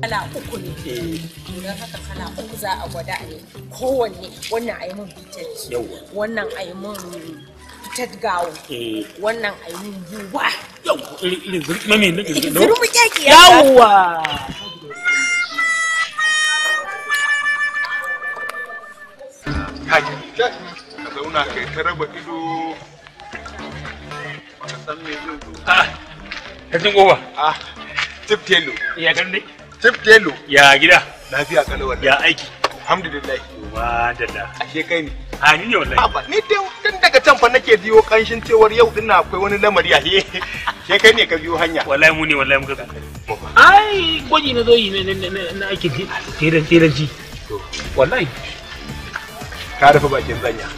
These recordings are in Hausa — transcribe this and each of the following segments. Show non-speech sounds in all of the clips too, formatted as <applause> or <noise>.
kala uku ne eh. don haka kala uku za a gwada ne kowanne wannan a yi min wannan a yi min fitar gawo wannan a yi min buwa zurmi kyaki ka zauna kai ta raba ido Sarkin goba. Ah, Tif Telo. Ya kan ne? Tif Telo. Ya gida. Lafiya kalau wallahi. Ya aiki. Alhamdulillah. Wa dada. Ashe kai ne. A ah, ni ne wallahi. Aba ni dai daga can fa nake jiyo kanshin cewar yau din akwai wani lamari a he. Ke kai ne ka biyo hanya. Wallahi mu ne wallahi muka Ai gwaji na zo yi ne na aiki ake tiranci. Wallahi. Ka rufe bakin zanya.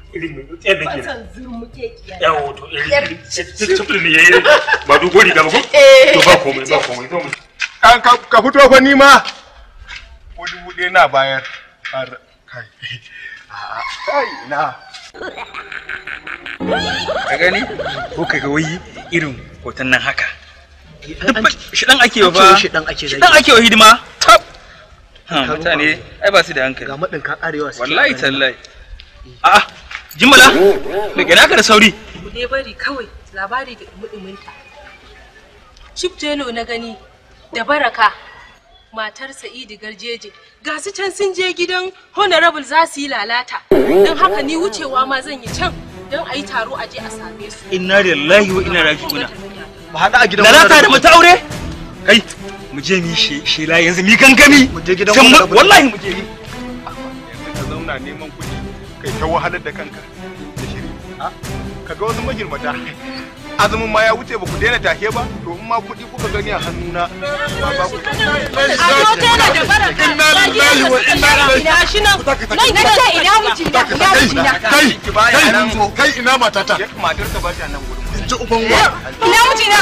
irin mai da kenan san ne eh, eh, eh, ko ka fito fa ni ma wani wude na bayar har kai <laughs> kai na ka gani ko kaga wai irin hoton nan haka shidan ake wa ba shidan ake wa hidima tab mutane ai ba su da hankali ga madin kan arewa wallahi tallahi a'a Jimala, da gina ka da sauri. Bude bari kawai labari da muɗuminta. Chief Jelo na gani da baraka matar Sa'idu Garjeje ga su can sun je gidan Honorable za su yi lalata. Don haka ni wucewa ma zan yi can don a yi taro a je a same su. Inna lillahi wa inna raji'una. Ba haɗa a gidan Lalata da mata aure? Kai, mu je mi shela yanzu mi gangami. Mu je gidan Wallahi mu je. Ka zauna neman kuɗi. kai ta wahalar da kanka da shiri ka ga wasu magirmata azumin ma ya wuce ba ku daina take ba to in ma kuɗi kuka gani a hannuna ba ba ku da inna lillahi wa inna ilaihi ce ina miji na ina miji na kai kai kai ina matata matar ka ba ta nan gurin ji uban wa ina miji na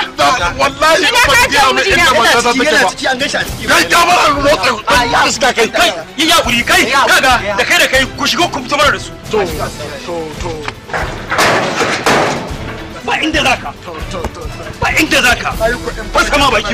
wallahi ina ka ce miji na ina ciki ciki an gaishe a ciki kai ka bar ruwa kai ya suka kai kai yi yakuri kai kaga da kai da kai ku shigo ku fito mana da su to to to ba inda zaka ba inda zaka ba sama baki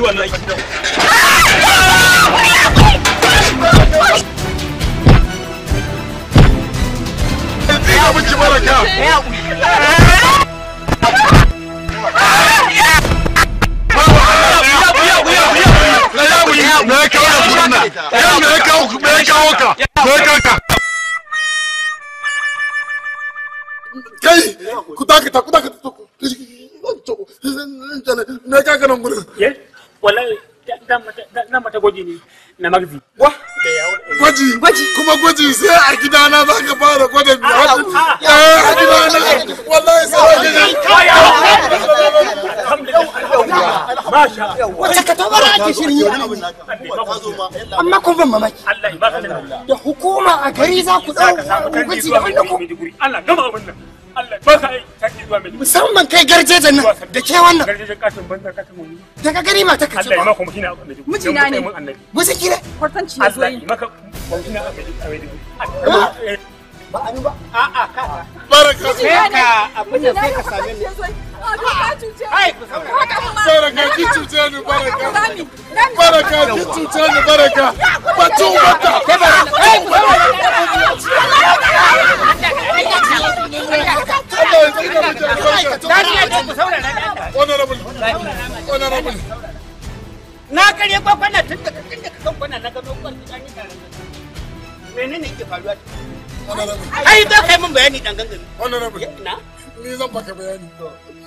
ya kawo ka? ya kawo ka? kai ku dakata ku na kuma gwaji sai a gida na za ka fara gwada mi a gida na wallahi sai a gida masha wace ka ta bara amma kun ban mamaki da hukuma a gari za ku tsau gwaji da wanda ku musamman kai garjejen nan da ke wannan daga gani ma ta kace ba mijina ne wasu kira kwartanci ya zo yi eh, ba a ba a'a ka baraka ka abin da sai ka same ni baraka ki cuce ni baraka baraka ki cuce ni baraka baraka Na karye kwakwana tun da kakin da kakan kwana na gano kwan gida ni tare da mene yake faruwa? Ai da kai mun bayani dan gangami. Honorable. Na? Ni zan baka bayani.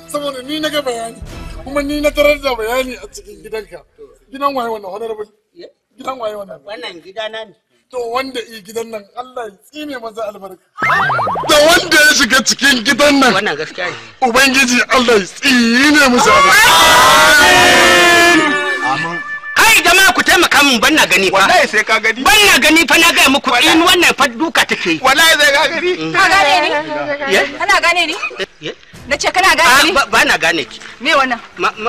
Saboda ni na ga bayani kuma ni na tarar da bayani a cikin gidanka. Gidan waye wannan honorable? ne. to wanda i gidan nan Allah ya tsine maza albarka da wanda ya shiga cikin gidan nan wannan gaskiya ne ubangiji Allah ya tsine musu albarka kai jama'a ku taimaka min ban gani fa wallahi sai ka gani ban gani fa na ga muku in wannan fa duka take wallahi sai ka gani mm. ka gane ni ana gane ni Na ce kana gane ah, ni? Ba na gane ki. Me wannan?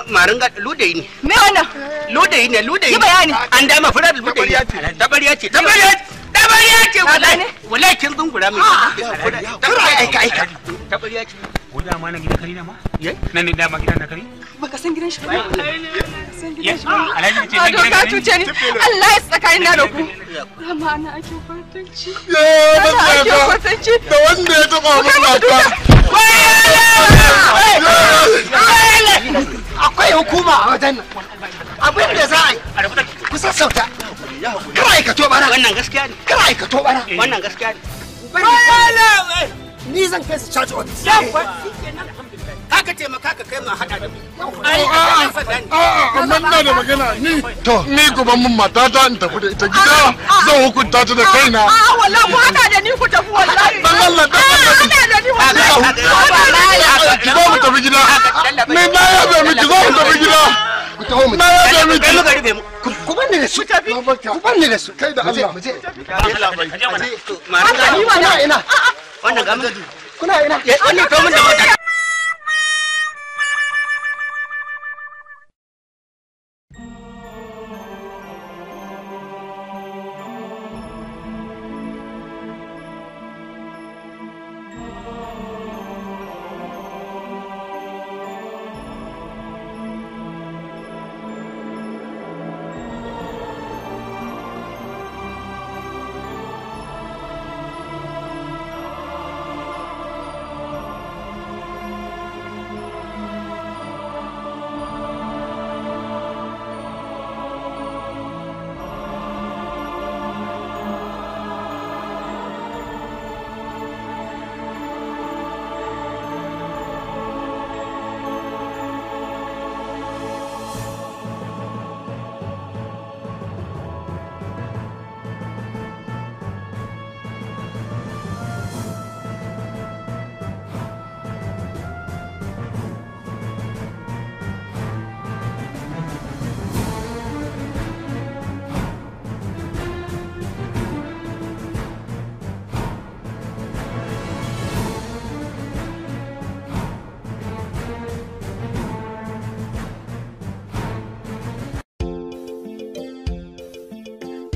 Marin ludayi ne. Me wannan? Ludayi ne, ludayi. Ki bayani. An dama furar ludayi. Tabariya ce. Tabariya ce. Tabariya ce. Tabariya ce ne? Wallahi kin mai. aika aika. ce. Ko da ma na gidan kari na ma? Nan ne dama gidan na kari? Baka san gidan shi ba. Alhaji ce ah! gidan kari. Ka ni. Allah ya na da ku. ana ake ba ta ga. Da wanda ya taba Akwai hukuma a wajen nan. Abin da za a yi. Ku sassauta. ya haƙuri ka tobara wannan gaskiya ne kawai ka bara, wannan gaskiya ne ni zan kai su charge taimaka ka kai ma hada da A'a, a'a, ina da magana ni to ni gobe mun mata in tafi da ita gida zan hukunta ta da kaina Aa wallahi ku hada da ni ku tafi wallahi dan Allah dan Allah hada da ni wallahi ki tafi gida ni na yabe miki zo tafi gida taho Na ya ga miki. Kai Ku banne da su. Ku banne da su. Kai da Allah. Mu je. Allah Mu je. ina. Wannan Kuna ina. Wannan da